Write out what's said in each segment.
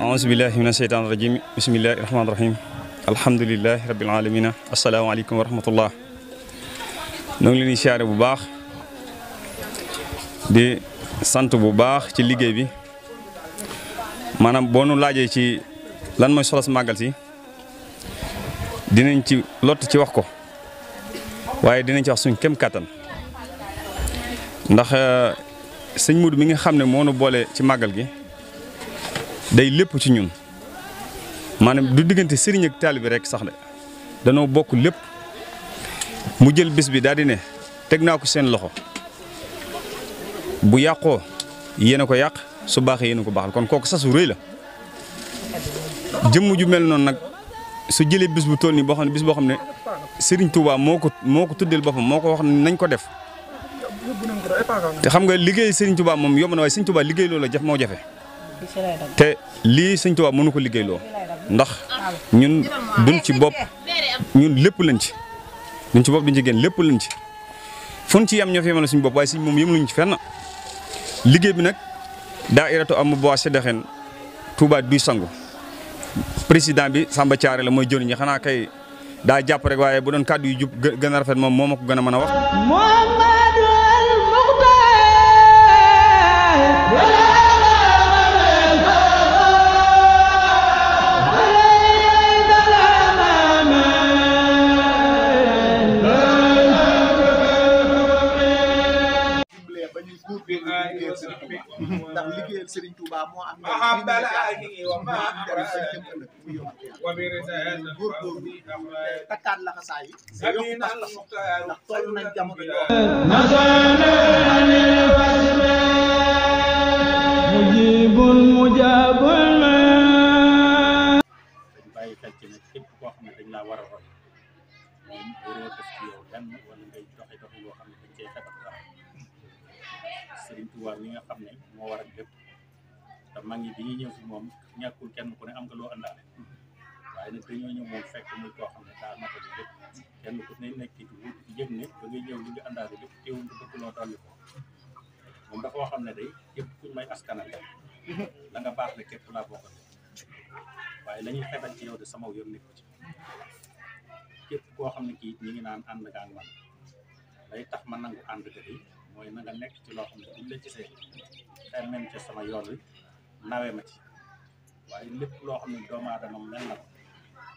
aousubillahi min asheytaan irajim bismillahi rahmaani rahim alhamdulilahi rabil alamina asalaamaaleykum wa rahmatullah ñoo ngi leen di siyaare bu baax di sant bu baax ci liggéey bi maanaam boo nu laajee ci lan mooy solos màggal si dinañ ci lott ci wax ko waaye dinañ ci wax suñ kem kàttan ndax sëñ Modou mi nga xam ne moo nu boole ci màggal gi day lépp ci ñun maanaam du diggante sëriñ ak taalibe rek sax de danoo bokk lépp mu jël bis bi daal di ne teg naa ko seen loxo bu yàqoo yéen a ko yàq su baaxee yéen ko baaxal kon kooku sasu rëy la jëmm ju mel noonu nag su jëlee bis bu toll nii boo xam ne bis boo xam ne sëriñ tuubaa moo ko moo ko tuddeel boppam moo ko wax nañ ko def. te xam nga liggéey Serigne Touba moom yomb na waaye Serigne Touba liggéey loo la jaf moo jafe te lii Serigne Touba mënu ko liggéey loo ndax ñun duñ ci bopp ñun lépp lañ ci duñ ci bopp duñ ci lépp lañ ci fun ci yem ñoo fi yemal suñu bopp waaye suñ moom yemaluñ fenn liggéey bi nag daairatu am boi sédaxen tubaab duy sangu président bi Samba Thiaré la mooy jëriñ ñi xanaa kay daa jàpp rek waaye bu doon kàddu yu jub gën a rafet moom moo ma ko gën a mën a wax liggéeyal Serigne Touba ndax liggéeyal Serigne Touba moo am góorgóorlu takkaat laxasaay yi ndax toll nañ jamono mujibun mujabun dañ bàyyi xel ci ne képp koo xam ne dañ laa war a roy moom waroo def ci yow lenn wala ngay doxe doxe yoo xam ne dañ cey xebat dara Serigne Touba ñi nga xam ne moo waral lépp te mag ñi bi ñuy ñëw si moom ñàkkul kenn ku ne am nga loo àndaale waaye nag dañoo ñëw moom fekk muy koo xam ne daa matali lépp kenn ku ne nekk ci wut yëg ne da ngay ñëw li nga àndaale lépp teewul nga bëgg loo dolli ko moom dafa waxoon ne day képp kuñ may képp laa bokkal waaye la ñuy ci yow de sama yoon nekku koo xam ne kii ñi ngi naan ànd gaang man day tax ma nangu ànd ga mooy na nekk ci loo xam ne buñ la gisee xel nañ ci sama yoon nawe ma ci waaye lépp loo xam ne doomu aadama mel na ko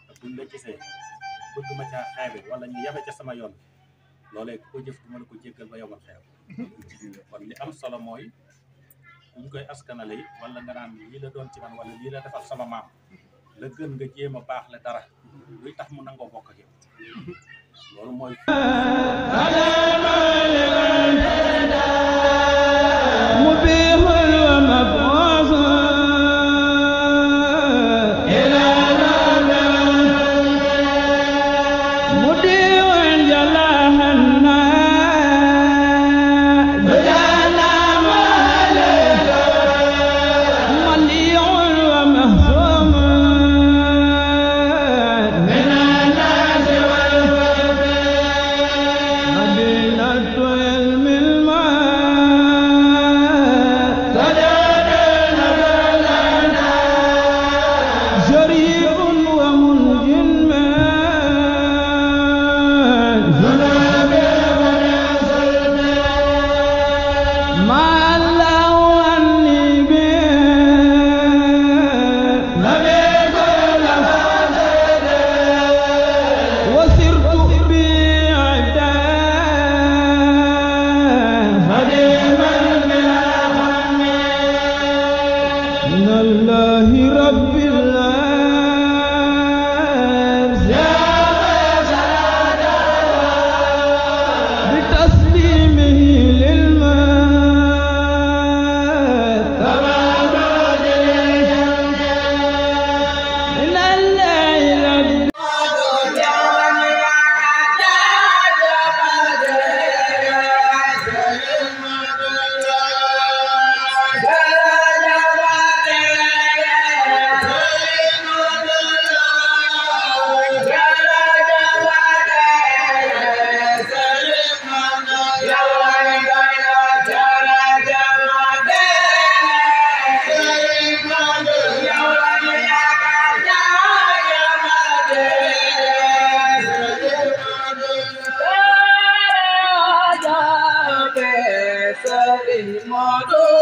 te buñ la gisee bëgg ma caa xeebe wala ñu yabe ca sama yoon loolee ku ko jëf ma la ko jéggal ba yomal xeew li am solo mooy buñ koy askanale it wala nga naan doon ci man wala lii la defal sama maam la gën nga jéem a baax la dara luy tax mu nangoo bokk ak yow loolu mooy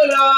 la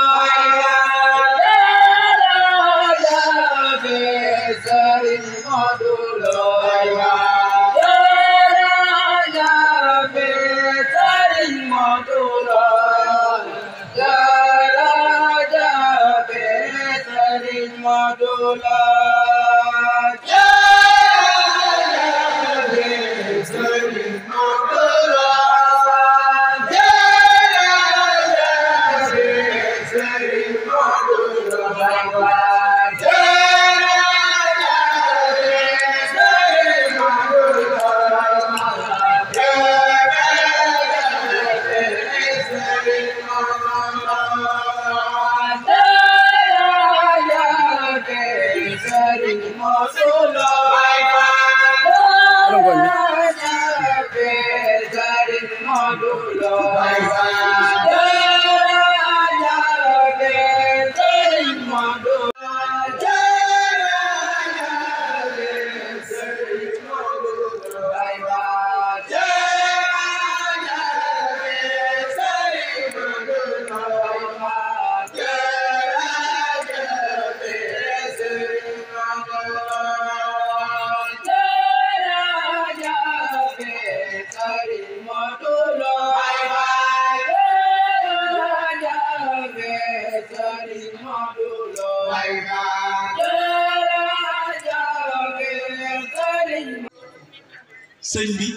sëñ bi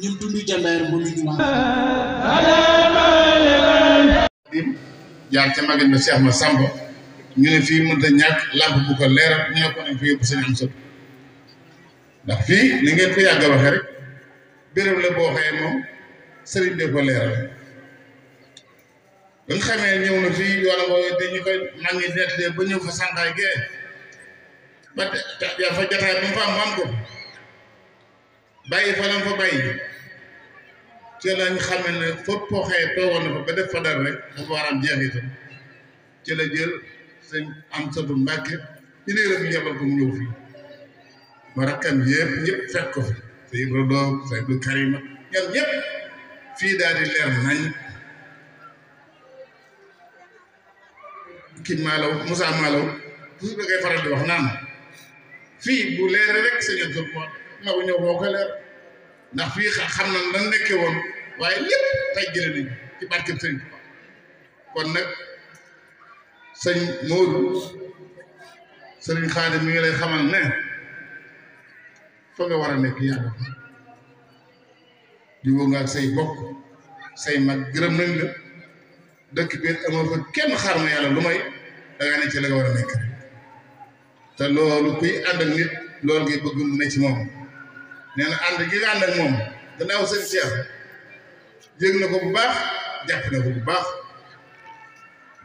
ñun dundu jàmbaar bu ñu jaar ca magal ma Cheikh ma Samba ñu ne fii mënut a ñàkk làmp bu ko leeral ñu ne ko nañ fi yóbbu sëñ am sot ndax fii li ngeen ko yàgg a rek béréb la boo xëyee sëriñ de ko leeral bi mu xamee ñëw na fii yoon boobu dañu koy mag ñi nettalee ba ñëw fa sànqaay gee ba yaa fa jotaay ba mu fa am am ko bàyyi fa lam fa bàyyi ci lañ xamee ne foofu koo xëyee toogoon na fa ba def fa dara am jeexital ci la jël sëñ am satu Mbàkke ci lii rek yebal ko mu ñëw fii ba rakkam yëpp ñëpp fekk ko fi sëñ Ibrahima sëñ Abdou Karim ñoom ñëpp fii daal di leer nañ kii Maalaw Moussa Maalaw toujours da ngay faral di wax naan fii bu leeree rek sëñ Abdou Khouat na ko ñëw woon waaye lépp tey jëlee nañ ci ngi lay xamal ne fa nga war a nekk yàlla di nga ak say bokk say mag gërëm nañ la. dëkk bi amoo fa kenn xaar ma yàlla lu may da ngaa ci la nga war a nekk te loolu kuy ànd ak nit loolu ngay bëgg mu ci moom nee na ànd gi nga ànd moom gannaaw aw seex yëg na ko bu baax jàpp na bu baax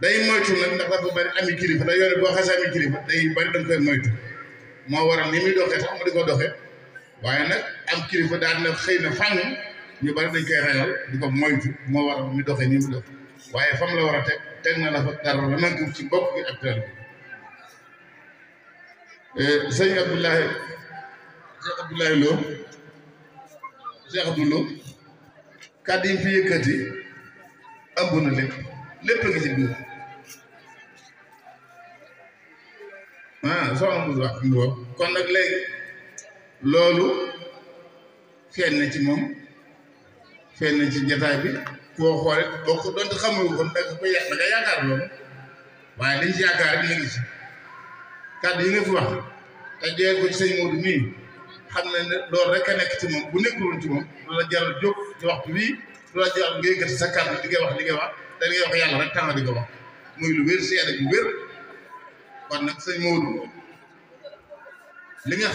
day moytu nag ndax dafa bari ami kilifa day yore boo xasee ami kilifa bari da nga koy moytu moo waral ni muy doxee sax mu di ko doxee waaye nag am kilifa daa na xëy na fànn ñu bari dañ koy ragal di ko moytu moo waral mu doxee ni mu doxee. waaye fam la war a teg teg na la fa dara nangam ci mbokk gi ak taal bi eh, sëñ Abdoulaye Cheikh Abdoulaye Lo Cheikh Abdou Lo kàddu na lépp lépp a ngi ci biir ah soxna Moussa wax loolu feeñ na ci moom feeñ ci jataay bi. koo xoolee ko doon xamul kon da nga koy yàq da nga yaakaar rek la yi nga fi wax ci sëñ Modou mii xam ne loolu rek a nekk ci bu nekkuloon ci moom loola ci waxtu bii loola jaral ngay gët di nga wax di nga wax te di nga wax yàlla lu wér seede bu wér kon nag sëñ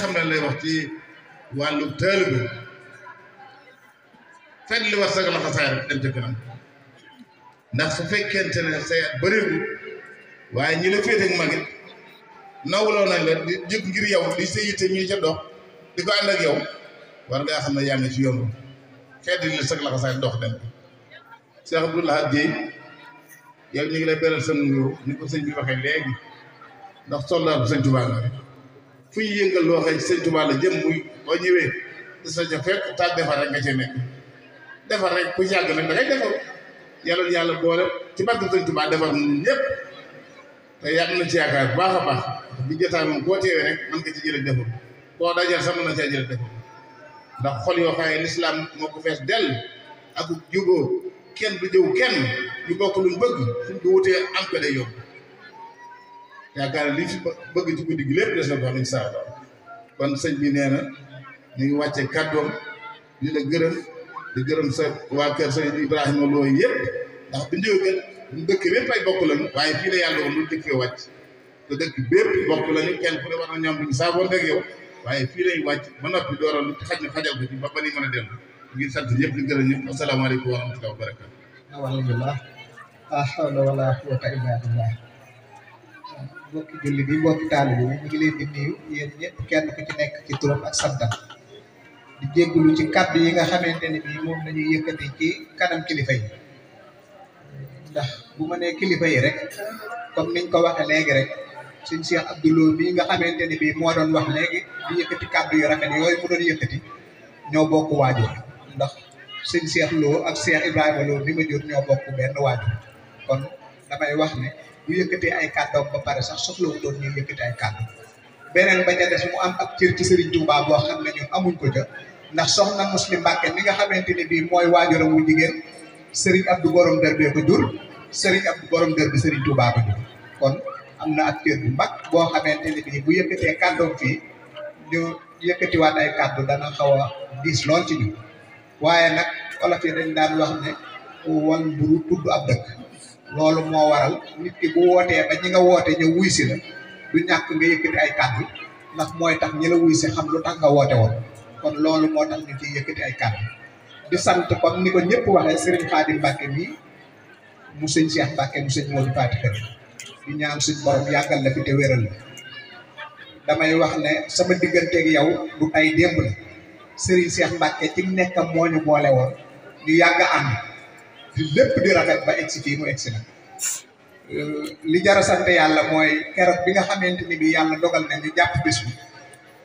xam ne lay wax ci wàllu taalibe fenn li war saga laxa saay rek dem ca kanam ndax su fekkente ne sa yaat waaye ñii la féete ak mag it nawloo la jëkk ngir yow di sa yitte ñuy ca dox di ko ànd ak yow war ngaa xam ne yaa ngi ci yoon bi xeet li sag laxa saay dox dem Cheikh Abdoulaye Dieye yow ñu ngi lay beral sa nuyoo ni ko sëñ bi waxee léegi ndax soldaar bu sëñ Tuubaa la fu ñu yëngal loo xam ne sëñ la jëm muy boo ñëwee sa ca fekk taal defar rek nga cee nekk defar rek ku yàgg nag da ngay defar yàlla boole ci barke Sëñ Tuubaa defar ñun ñëpp te yàgg na ci yaakaar bu baax bi jotaan moom boo teewee rek mën nga ci jëlee defar boo dajeel sax mën na ndax xol yoo xaye lislaam moo ko fees dell ak jubóo kenn du jëw kenn ñu bokk luñ bëgg suñ ko wutee am ko day yaakaar li fi bëgg ci guddi gi lépp des na ko am incha allah kon sëñ bi nee na ñu ngi wàcce kàddoom di la gërëm. di gërëm sa waa kër sëñ Ibrahima looyu yëpp ndax bu njëkk dëkk bépp ay bokk lañu waaye fii yàlla woon lu dëkk wàcc te dëkk bépp bokk lañu kenn ku ne war na ñoom duñu saaboon rek yow waaye fii lay wàcc ba noppi dooral lu xaj na xajal ko ci ba ba ni mën a dem ngir sant ñëpp di gërëm ñëpp asalaamaaleykum wa rahmatulah wa barakatu alhamdulilah la hawla wala quwwata ngi leen di nuyu yéen kenn ku ci nekk ci turam ak santam di ci kàddu yi nga xamante ne bii moom la ñuy yëkkati ci kanam kilifa yi ndax bu ma nee kilifa yi rek comme niñ ko waxee léegi rek suñ Cheikh Abdoulaye bii nga xamante ne bii moo doon wax léegi di yëkkati kàddu yu rafet yooyu ñoo bokk waajur ndax suñ Cheikh Lo ak Cheikh Ibrahima Lo bi ma jur ñoo bokk benn waajur kon damay wax ne bu yëkkatee ay kàddoom ba pare sax soxlawu doon ñuy yëkkati ay kàddu beneen ba ca des mu am ab cër ci Serigne Touba boo xam ne ñun amuñ ko jot. ndax soxna muslim Mbàkke mi nga xamante ni bii mooy waajuram wu jigéen Serigne Abdou Borom Dër bee ko jur Serigne Abdou Borom Dër bi Serigne Touba ko jur kon am na ak cër bu mag boo xamante ni bii bu yëkkatee kàddoom fii ñu yëkkatiwaat ay kàddu dana xaw a diis lool ci nag olof yi dañ daan wax ne wan buru tudd loolu moo waral nit ki bu wootee ba ñi nga woote ñu wuy si la du ñàkk nga yëkkati ay kàddu ndax mooy tax ñi la wuy si xam lu tax nga woote woon kon loolu moo tax ñu ciy yëkkati ay kàddu di sant comme ni ko ñëpp waxee sëriñ Xaadim Mbàkke bi mu sëñ Cheikh Mbàkke mu sëñ Modou ñaan suñ borom yàggal la fi te damay wax ne sama digganteeg yow du ay démb la sëriñ Cheikh Mbàkke ci nekkam moo ñu boole woon ñu yàgg ànd di lépp di rafet ba egsi fii mu egsi na euh, li jara sant yàlla mooy keroog bi nga xamante ni bi yàlla dogal na ñu jàpp bés bi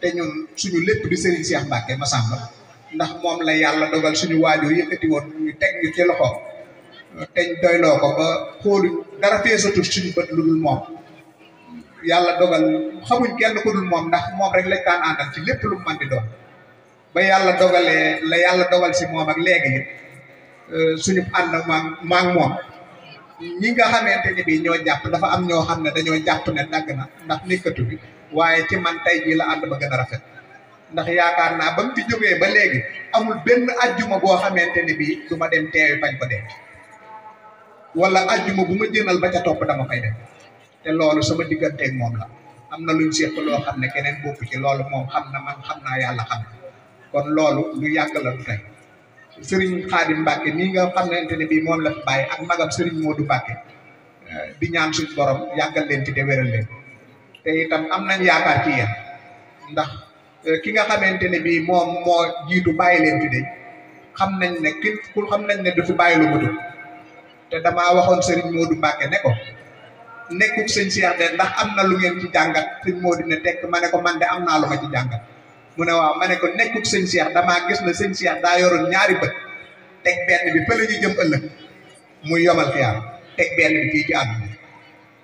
te ñun suñu lépp di Serigne Cheikh Mbacke Massamba ndax moom la yàlla dogal suñu waajur yëkkati woon ñu teg ñu ci loxo teñ doyloo ko ba xoolu dara feesatul suñu bët dul moom dogal xamuñ kenn ku moom ndax moom rek lañ daan àndal ci lépp lu mu mën di doon ba yàlla dogalee la yàlla dogal si moom ak léegi it euh, suñu ànd maag maag moom ñi nga xamante ni bi ñoo jàpp dafa am ñoo xam ne dañoo jàpp ne dagg na ndax nekkatu bi waaye ci man tey jii la ànd ba gën a rafet ndax yaakaar naa ba mu jógee ba léegi amul benn ajjuma boo xamante ne bii du ma dem teewi bañ ko denc wala ajjuma bu ma jënal ba ca topp dama koy te loolu sama digganteeg moom la am na luñ seq loo xam ne keneen bokk ci loolu moom xam na man xam naa yàlla xam kon loolu lu yàgg la du tey Serigne Khadim Mbacke nii nga xamante ne bii moom la fi bàyyi ak magam Serigne du Mbacke bi ñaan suñu borom yàggal leen ci de wéral leen. te itam am nañ yaakaar ci yéen ndax e, ki nga xamante ne bii moom moo jiitu bàyyi leen fi de xam nañ ne ki ku xam nañ ne du fi bàyyi lu matul te damaa waxoon sëriñ Modou Mbacke ne ko nekkul sëñ Cheikh de ndax am na lu ngeen ci jàngat sëñ Modou ne tekk ma ne ko man de am naa lu ma ci jàngat mu ne waaw ma ne ko nekkul sëñ Cheikh damaa gis na sëñ Cheikh daa yoroon ñaari bët teg benn bi fa la ñu jëm ëllëg muy yomal fi teg benn bi fii ci àdduna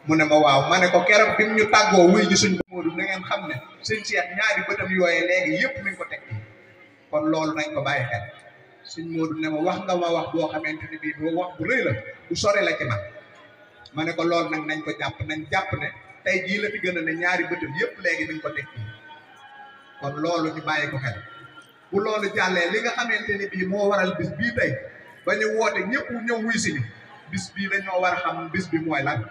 mu ne ma waaw ma ne ko keroog bi ñu tàggoo wuy ji suñ Moodu na ngeen xam ne suñ seet ñaari bëtam yooyee léegi yëpp mi ko teg kon loolu nañ ko bàyyi xel suñ ne ma wax nga ma wax boo xamante ne bii boo wax bu rëy la sore la ci man ma ne ko loolu nag nañ ko jàpp nañ jàpp ne tey jii la fi gën ñaari bëtam yëpp léegi mi ko teg kon loolu ñu bàyyi ko xel bu loolu jàllee li nga xamante ni bii moo waral bis bii tey ba ñu woote ñëpp ñëw wuy si bis bii dañoo war a xam bis bi mooy lan.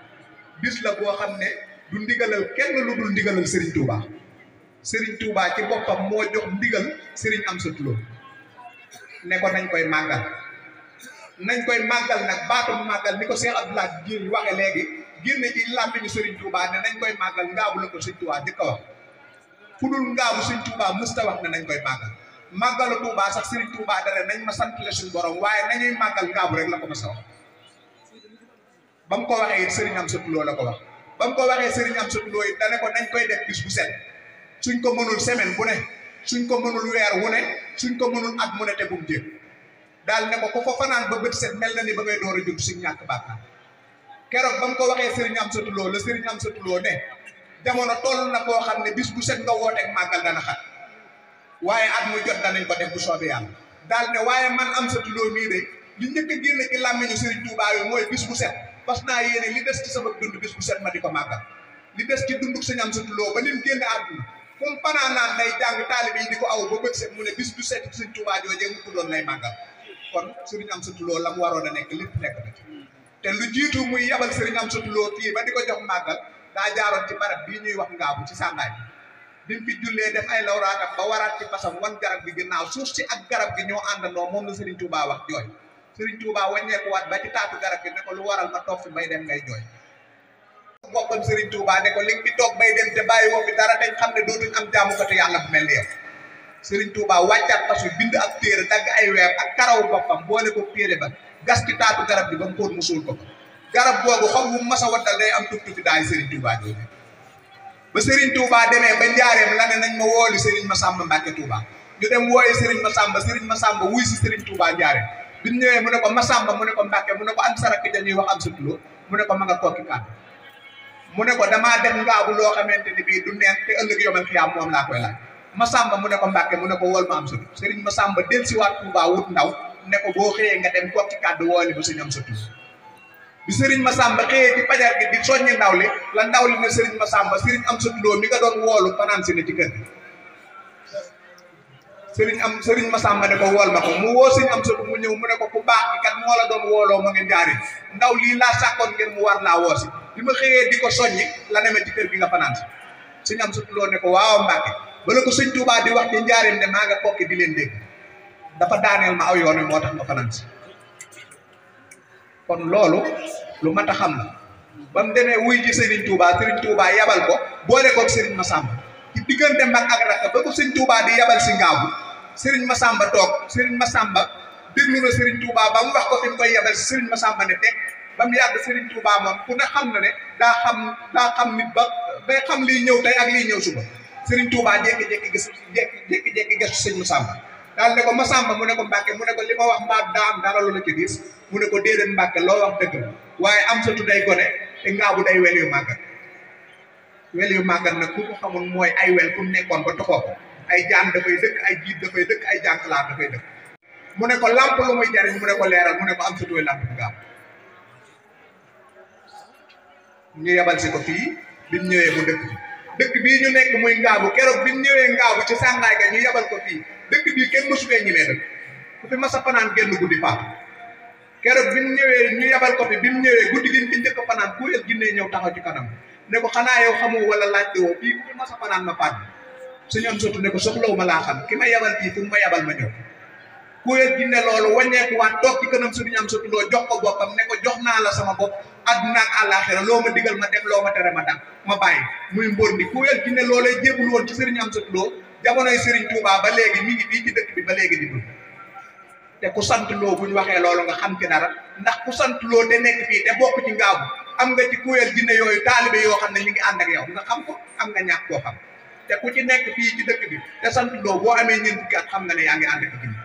bis la boo xam ne du ndigalal kenn lu dul ndigalal Serigne Touba Serigne Touba ci boppam moo jox ndigal Serigne Amsatou Lo ne ko nañ koy màggal nañ koy màggal nag baatam màggal ni ko Cheikh Abdoulaye Dieng waxe léegi génne ci làmmiñu Serigne Touba ne nañ koy màggal ngaabu la ko Serigne Touba di ko wax fu dul ngaabu Serigne Touba mësta wax ne nañ koy màggal màggalu Touba sax Serigne Touba dara nañ ma sant la suñu borom waaye nañuy màggal ngaabu rek la ko ma sa wax ba mu ko waxee it sëriñ am sëtuloo la ko wax ba mu ko waxee sëriñ am sëtuloo it dane ko nañ koy def bis bu set suñ ko mënul semaine bu ne suñ ko mënul weer wu ne suñ ko mënul at mu ne te bum jéem daal ne ko ku ba bët mel na ni ba ngay door a jóg suñ ñàkk bàkkaar ba mu ko waxee sëriñ am sëtuloo la sëriñ am sëtuloo ne jamono toll na koo xam ne bis bu set nga wooteeg màggal dana xat waaye at mu jot danañ ko def bu soobee yàlla daal ne waaye man am sëtuloo mii de li njëkk a génn ci làmmiñu sëriñ Tuubaa yi mooy bis bu set fas naa yéene li des ci sama dund bis bu set ma di ko màggal li des ci dunduk sëñ am sutuloo ba nim génn àdduna kum fanaa naan lay jàng taalibe ko aw ba bët set mu ne bis bu set sëñ Tuubaa joojee mu ko doon kon sëriñ am sutuloo la mu waroon a nekk lépp nekk na ci te lu jiitu muy yabal sëriñ am sutuloo fii ba di ko jox màggal daa jaaroon ci barab bii ñuy wax ngaabu ci sàngaay bi mu fi jullee def ay lawraatam ba waraat ci fasam wan garab gi ginnaaw suuf si ak garab gi ñoo àndandoo moom la sëriñ Tuubaa wax jooy Serigne Touba wàññeekuwaat ba ci taatu garab gi ne lu waral ma toog fi bay dem ngay jooy. boppam Serigne Touba ne ko li bi toog bay dem te bàyyi woo fi dara dañ yàlla bu mel ni yow. Serigne Touba wàccaat fasu ay weer ak boppam boole ko ba gas ci taatu garab gi ba mu ko mu suul ko garab googu xob wu mas a waddal day am tuftufi daay Serigne Touba jooju. ba Serigne Touba demee ba njaareem la ne ma wooli Serigne Massamba Mbacke Touba ñu wuy si Serigne Touba njaareem. bi mu ñëwee mu ne ko Masamba mu ne ko Mbàkke mu ne ko am sarak dañuy wax am sutuloo mu ne ko ma nga kooki kàddu mu ne ko damaa dem ngaabu loo xamante ni bii du te ëllëg yomal xiyaam moom laa Masamba mu ne ko Mbàkke mu ne ko wol ma am sutu Sëriñ Masamba del si waat Tuubaa wut ndaw xëyee nga dem kooki kàddu woole bu suñu am sutu bi Sëriñ Masamba xëyee ci pajar gi di soññi ndaw li la ndaw li ne Sëriñ Masamba Sëriñ am sutuloo mi nga doon woolu fanaan si ne ci kër sëriñ am sëriñ Masamba ne ko wool ma ko mu woo sëriñ am sëriñ mu ñëw mu ne ko ku baax kat moo la doon wooloo ma ngeen jaaree ndaw lii laa sàkkoon ngeen mu war laa woo si bi ma xëyee di ko soññi la ne ma ci kër gi nga fanaan si sëriñ am sëriñ ko waaw Mbàkke bala ko sëñ Tuubaa di wax di njaareem ne maa nga leen dégg dafa daaneel aw yoon moo tax nga fanaan loolu lu mat a xam la ba mu demee wuy ji sëriñ Tuubaa sëriñ Tuubaa yabal ko boole koog sëriñ Masamba ci diggante mag ak rakk ba ko sëñ Tuubaa di yabal si ngaabu Serigne Massamba toog Serigne Massamba déglu na Serigne Touba ba mu wax ko fi mu koy yebal Serigne Massamba ne teg ba mu yàgg Serigne Touba moom ku ne xam na ne daa xam daa xam nit ba day xam liy ñëw tey ak liy ñëw suba Serigne Touba jékki-jékki gis jékki-jékki gëstu Serigne Massamba daal ne ko ma Massamba mu ne ko Mbàkke mu ne ko li ma wax mbaa daa am dara lu la ci gis mu ne ko déedéet Mbàkke loo wax dëgg la waaye am sa tudday gone te ngaabu day wel yu màggat wel yu màggat nag ku ko xamul mooy ay wel ay jaan dafay dëkk ay jiit dafay dëkk ay jànkalaar dafay dëkk mu ne ko làmp lu muy jariñ mu ne ko leeral mu ne ko am sa dooy làmp nga am ñu yebal si ko fii bi mu ñëwee bu dëkk dëkk bii ñu nekk muy ngaabu keroog bi mu ñëwee ngaabu ci sàngaay ga ñu yebal ko fii dëkk bii kenn mësu fee ñemee dëkk ku fi mas fanaan génn guddi faatu keroog bi mu ñëwee ñu yebal ko fi bi mu ñëwee guddi gi ci njëkk a fanaan ku el ginnee ñëw taxaw ci kanam ne ko xanaa yow xamoo wala laajte woo fii ku fi mas fanaan ma faat suñoon sotti ne ko soxlawu ma laa xam ki ma yabal bii fu mu ma yabal ma ñëw kuréel gi ne loolu wàññeekuwaat toog ci kanam suñu am sotti loo jox ko boppam ne ko jox naa la sama bopp adduna ak àllaaxira loo ma digal ma def loo ma tere ma dam ma bàyyi muy mbóor ni kuréel gi ne loolee jébul woon ci sëriñ am sotti loo jamonoy sëriñ Touba ba léegi mi ngi fii ci dëkk bi ba léegi di te ku sant loo bu ñu waxee loolu nga xam ci dara ndax ku sant loo te nekk fii te bokk ci ngaabu am nga ci kuréel gi ne yooyu taalibe yoo xam ne ñu ngi ànd ak yow nga xam ko am nga ñàkk koo te ku ci nekk fii ci dëkk bi te sant boo amee ñeent fukki at xam nga ne yaa ngi ànd ak jinne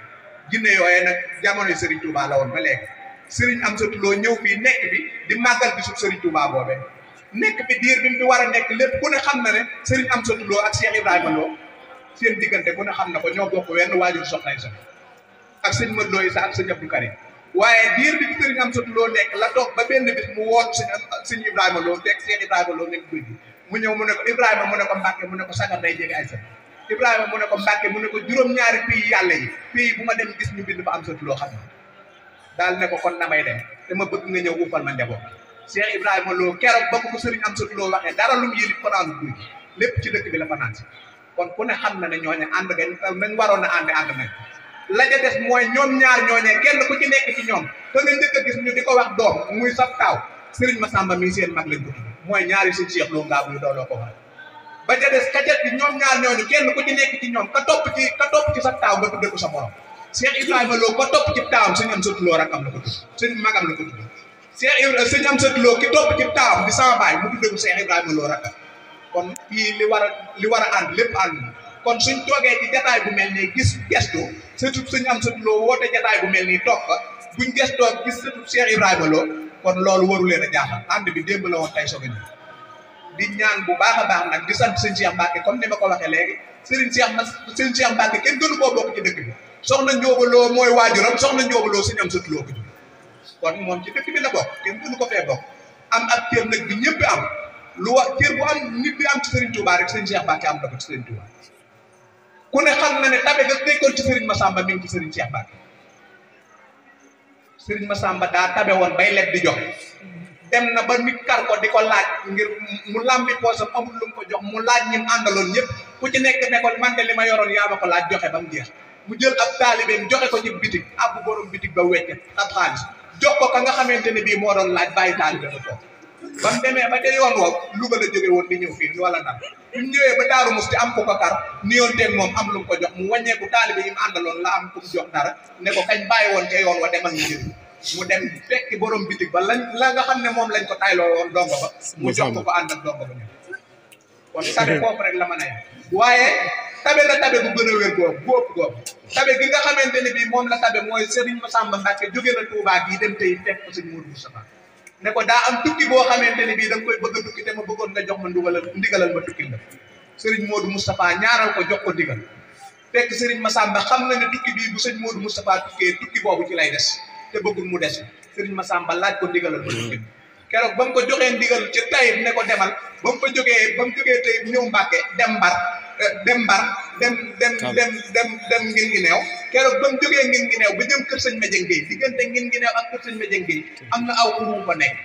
jinne yooyee nag jamono Serigne Touba la woon ba léegi Serigne am satuloo ñëw fii nekk bi di màggal bi suuf Serigne Touba boobee nekk bi diir bi mu fi a nekk lépp ku ne xam na ne Serigne am satuloo ak Cheikh Ibrahima Lo seen diggante ku ne xam na ko ñoo bokk wenn waajur soxnay soxna ak sëñ Modou Lo sax ak sëñ Abdou Karim waaye diir bi Serigne am satuloo nekk la toog ba benn bis mu woot sëñ Ibrahima Lo teg Cheikh Ibrahima Lo nekk guy bi mu ñëw mu ne ko Ibrahima mu ne ko Mbacke mu ne ko sagar day jege ay sa Ibrahima mu ne ko Mbacke mu ne ko juróom-ñaari pays yàlla yi pays bu ma dem gis ñu bind fa am sotti loo ne daal ne ko kon damay dem ma bëgg nga ñëw wuufal ma njaboot Cheikh Ibrahima Lo keroog ba ko sëriñ am sotti loo waxee dara lu mu lépp ci dëkk bi la fanaan si kon ku ne xam na ne ñooñu ànd gañ nañ waroon na ànd ànd nañ la ja des mooy ñoom ñaar ñooñee kenn ku ci nekk ci ñoom te nga njëkk a gis ñu di ko wax doom muy sab taaw sëriñ Masamba mii seen mag lañ ko tudd mooy ñaari si Cheikh Lo Ngabou yu dooloo ko waral ba ca des ka ca ñoom ñoo ñooñu kenn ku ci nekk ci ñoom ka topp ci ka topp ci sa taaw nga tuddee ko sa morom Cheikh Ibrahima Lo ka topp ci taawam sëñ am sëtu Lo rakam la ko tudd sëñ magam ko tudd Cheikh topp ci taawam di sama mu tuddee ko Cheikh Ibrahima Lo rakam kon kii li war a li a ànd lépp ànd kon suñ toogee ci jataay bu mel nii gis gestu surtout suñ am sëtu Lo woote jataay bu mel nii toog fa buñ gestoo gis surtout Cheikh Ibrahima Lo kon loolu waru leen a jaaxal ànd bi démb la woon tey soog a di ñaan bu baax a baax nag di sant sëñ Cheikh Mbacke comme ni ma ko waxee léegi sëriñ Cheikh ma sëñ Cheikh Mbacke kenn gënu koo bokk ci dëkk bi soxna Ndiobaloo mooy waajuram soxna Ndiobaloo suñu am sa tuloo ko ji kon moom ci dëkk bi la bokk kenn gënu ko fee bokk am ak na bi ñëpp am lu wax cër bu am nit bi am ci sëriñ Touba rek sëñ Cheikh Mbacke am na ko ci sëriñ Touba ku ne xam na ne tabe ga nekkoon ci sëriñ Massamba mi ci sëriñ Cheikh Mbacke ma Masamba daa tabe woon bay leb di jox dem na ba nit kar ko di ko laaj ngir mu làmbi poosam amul lu mu ko jox mu laaj ñi mu àndaloon ñëpp ku ci nekk ne ko li ma yoroon yaa ma ko laaj joxe ba mu jeex mu jël ab taalibeem joxe ko ci bitig ab borom bitig ba wecce ab xaalis jox ko ka nga xamante ne bii moo doon laaj bàyyi taalibe ba toog ba mu demee ba ca yoon lu ba la jóge woon di ñëw fii wala ndax bi mu ñëwee ba Daaru Musti am ku ko kar nuyoonteeg moom am lu mu ko jox mu wàññeeku taalibe yi mu àndaloon la am ku mu jox dara ne ko kañ bàyyi woon ca yoon wa demal ñu jëriñ mu dem fekki borom bitig ba lañ la nga xam ne moom lañ ko tayloo woon dongo ba mu jox ko ko ànd ak dongo ba ñu kon sabe foofu rek la mën a yem waaye tabe la tabe bu gën a wér googu góob googu tabe gi nga xamante ne bii moom la tabe mooy Serigne Massamba Mbacke jóge na Touba gii dem tey teg ko suñu Mourou Moustapha ne ko daa am tukki boo xamante ne bii da koy bëgg a tukki te ma bëggoon nga jox ma ndigalal ndigalal ma tukki la sëriñ Modou Moustapha ñaaral ko jox ko ndigal fekk sëriñ Massamba xam na ne tukki bii bu sëriñ Modou Moustapha tukkee boobu ci lay des te bëggul mu des sëriñ Massamba laaj ko ndigalal ma tukki keroog ba mu ko joxee ndigal ci tayib ne ko demal ba mu ko jógee ba mu jógee tayib ñëw Mbàkke dem Mbar dem mbar dem dem dem dem dem ngin ngi neew keroog ba mu jógee ngin ngi neew ba jëm kër sëñ Madieng Gueye diggante ngin ngi neew ak kër sëñ Madieng Gueye am na aw xuru fa nekk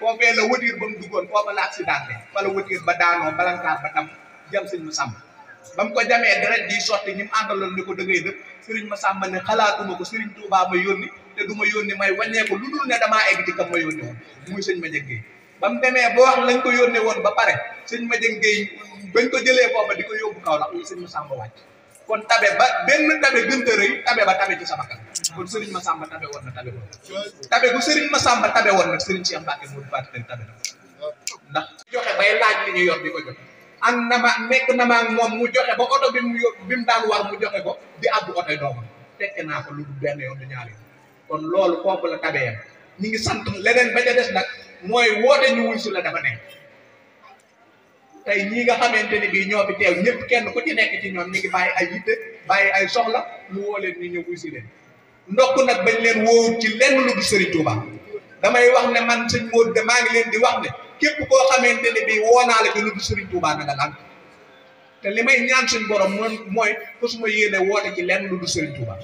foofee la wëtiir ba mu duggoon la accidenté wala wëtiir ba daanoo balankaar ba tam jam sëñ mu sàmm ba mu ko jamee deret ji sotti ñu mu àndaloon ni ko da ngay dëpp sëriñ ma sàmba ne xalaatuma ko sëriñ Tuubaa ma yónni te du ma yónni may wàññee ko lu dul ne damaa egg ci kam ma yónni woon muy sëñ Madieng Gueye ba mu demee boo wax lañ ko yónnee woon ba pare sëñ ma jëng géey bañ ko jëlee foofa di ko yóbbu kaw ndax ñu sëñ ma sàmba wàcc kon tabe ba benn tabe gën a rëy tabe ba tabe ci sama kan kon sëriñ ma sàmba tabe woon na tabe woon tabe bu sëriñ ma sàmba tabe woon nag sëriñ si am Mbàkke mu faati ten tabe na ndax joxe bay laaj li ñu yor di ko joxe an na ma nekk na ma ak moom mu joxe ba oto bi mu yób bi mu daan war mu joxe ko di àgg oto doomam fekk naa ko lu benn yoon du ñaari kon loolu foofu la tabee ñu ngi sant leneen ba ca des nag mooy woote ñu wuy si la dafa nekk tey ñii nga xamante ni bii ñoo fi teew ñëpp kenn ku ci nekk ci ñoom ñu ngi bàyyi ay yitte bàyyi ay soxla mu woo leen ñu wuy si leen ndokk nag bañ leen woowut ci lenn lu gis Serigne Touba damay wax ne man sëñ Maodo de leen di wax ne képp koo xamante ne bii woo naa la ci lu gis Serigne Touba na te li may ñaan suñ borom moom mooy ku suma yéene woote ci lenn lu du Serigne Touba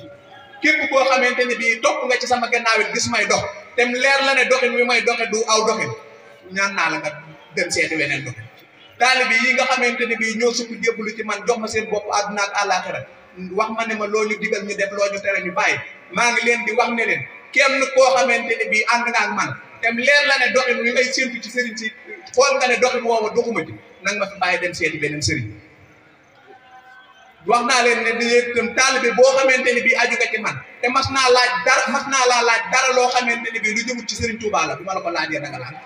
képp koo xamante ne bii topp nga ci sama gannaaw it gis may dox te leer la ne doxin wi may doxe du aw doxin ñaan naa la nga dem seeti weneen doxin taalibi yi nga xamante ne bii ñoo sukk jébbalu ci man jox ma seen bopp àdduna ak wax ma ne ma lool ñu digal ñu def loo ñu tere ñu bàyyi maa ngi leen di wax ne leen kenn koo xamante ne bii ànd nga ak man te leer la ne doxin wi ngay séntu ci sëriñ si xool nga ne doxin woowa doxuma ci nang ma fi bàyyi dem seeti beneen sëriñ wax naa leen ne dañuy tam taalibe boo xamante ni bii aju nga ci man te mas naa laaj dara mas naa laa laaj dara loo xamante ni bii lu jëmut ci Serigne Touba la bu ma la ko laajee danga laaj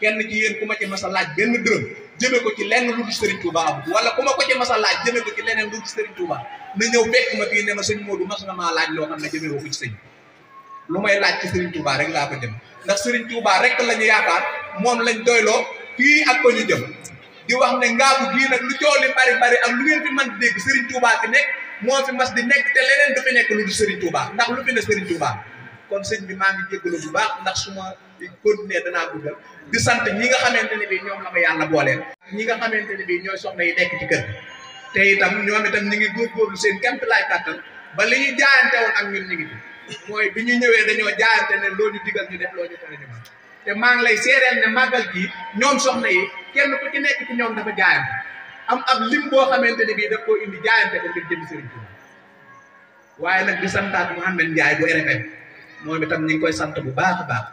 kenn ci yéen ku ma ci mas a laaj benn dërëm jëme ko ci lenn lu dul Serigne Touba wala ku ma ko ci mas laaj jëme ko ci leneen lu dul Serigne Touba na ñëw fekk ma fii ne ma sëñ Modou mas na maa laaj loo xam ne jëmee ko ci sëñ lu may laaj ci Serigne Touba rek laa ko jëm ndax Serigne Touba rek la ñu yaakaar moom lañ doyloo fii ak ko ñu jëm di wax ne ngaabu gii nag lu coow li bari bari ak lu ngeen fi man dégg Serigne Touba fi nekk moo fi mas di nekk te leneen du fi nekk lu du Serigne Touba ndax lu fi ne Serigne Touba kon sëñ bi maa ngi jégalu bu baax ndax su ma continuer danaa guddal di sant ñi nga xamante ne bii ñoom la ma yàlla booleel. ñi nga xamante ne bii ñooy soxna yi nekk ci kër te itam ñoom itam ñu ngi lu seen kéem laay kàttan ba li ñu jaayante woon ak ñun ñu ngi mooy bi ñu ñëwee dañoo jaayante ne loo ñu diggal ñu def loo ñu tere ñu te maa ngi lay seereel ne màggal gii ñoom soxna yi kenn ku ci nekk ci ñoom dafa jaayam am ab lim boo xamante ne bii daf koo indi jaayante ko ngir jëm sëriñ bi waaye nag di santaat Mouhamed Ndiaye bu RFM moom itam ñu ngi koy sant bu baax a baax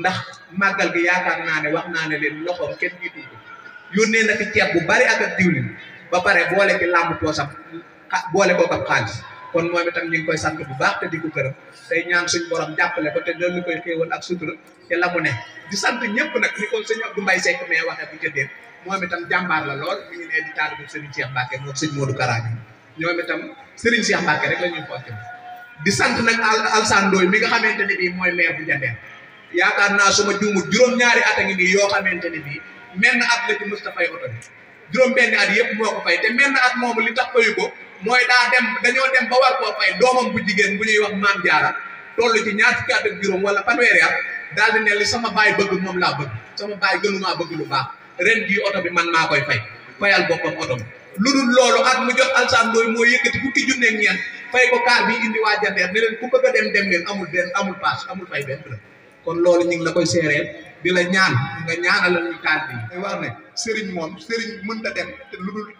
ndax màggal gi yaakaar naa ne wax naa ne leen loxoom kenn jiitu ko yónnee na fi ceeb bu bari ak ak diwlin ba pare boole ci làmb poosam boole ko ak xaalis kon moom itam ñu ngi koy sant bu baax te di ko gërëm tey ñaan suñu borom jàppale ko te loolu koy xéewal ak sutura te la mu ne di sant ñëpp nag li ko sëñ Abdou mbay Seck mais waxee bu jëndee moom itam jàmbaar la lool mi ngi ne di taal bu Serigne Cheikh Mbacke moom sëñ Modou Karaño ñoom itam Serigne Cheikh Mbacke rek la ñuy di sant nag al Alsane Ndoye mi nga xamante ne bii mooy maire bu Ndiandène yaakaar naa suma juumu juróom-ñaari at a ngi nii yoo xamante ne bii menn at la ci Moustapha Oto bi juróom-benni at yëpp moo ko fay te menn at moom li tax fayu ko mooy daa dem dañoo dem ba war koo fay doomam bu jigéen bu ñuy wax maam jaara tollu ci ñaar fukki at juróom wala fanweeri at daal di ne li sama baay bëgg moom laa bëgg sama baay gënumaa bëgg lu baax ren jii oto bi man maa koy fay fayal boppam oto bi lu dul loolu at mu jot alsaan looyu moo yëkkati fukki junneeg ñeent fay ko kaar bi indi waa jandeer leen ku bëgg a dem dem leen amul benn amul paas amul fay benn kon loolu ñu ngi la koy seereel di la ñaan nga ñaanalal ñu kaar bi. te wax ne sëriñ moom sëriñ mënta dem te lu dul bi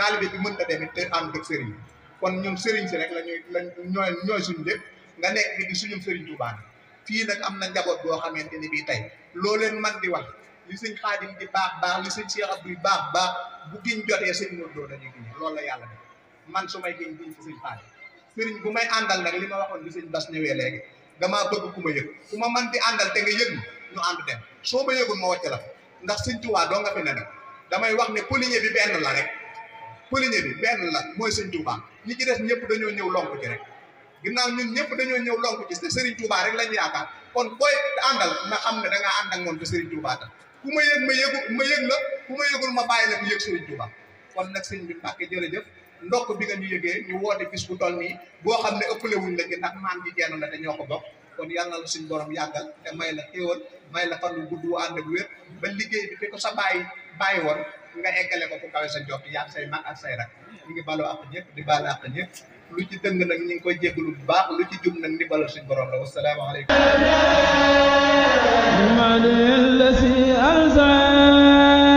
taalibe bi mën ta demit te ànd ak sëriñ kon ñun sëriñ si rek la ñuy la ñooy ñooy suñu lépp nga nekk di suñu sëriñ Tuubaa fii nag am na njaboot boo xamante ni bii tey loo leen man di wax li sëñ di baax baax li sëñ Cheikh Abdou baax baax bu giñ jotee sëñ Modou dañuy giñ loolu la yàlla man su may giñ giñ fi sëñ Xaadim sëriñ bu may àndal nag li ma waxoon li sëñ Bas ñëwee léegi damaa bëgg ku ma yëg ku ma man di àndal te nga yëg ñu ànd dem soo ma yëgul ma wàcc la ndax sëñ Tuubaa doo nga fi ne nag damay wax ne poligné bi benn la rek pëliñe bi benn la mooy sëñ Touba ñi ci des ñëpp dañoo ñëw lonk ci rek ginnaaw ñun ñëpp dañoo ñëw lonk ci te Serigne Touba rek lañ yaakaar kon booy àndal na xam ne da ngaa ànd ak moom te Serigne Touba tax ku ma yëg ma yëgu yëg la ku ma yëgul ma bàyyi la ku yëg Serigne Touba kon nag sëñ bi Mbàkke jërëjëf ndokk bi nga ñu yëgee ñu woote bis bu toll nii boo xam ne ëppale wuñ la ci ndax maam ji jenn la te ñoo ko bokk kon yàlla na la borom yàggal te may la xéewal may la fan lu gudd ànd ak wér ba liggéey bi fi ko bàyyi woon nga eggale ko fu kawe sa jot yaag say mag ak say rak ñu ngi baloo àq ñëpp di baal àq ñëpp lu ci dëng nag ñu ngi koy jégalu bu baax lu ci jub nag di balal suñ borom la wasalaamaaleykum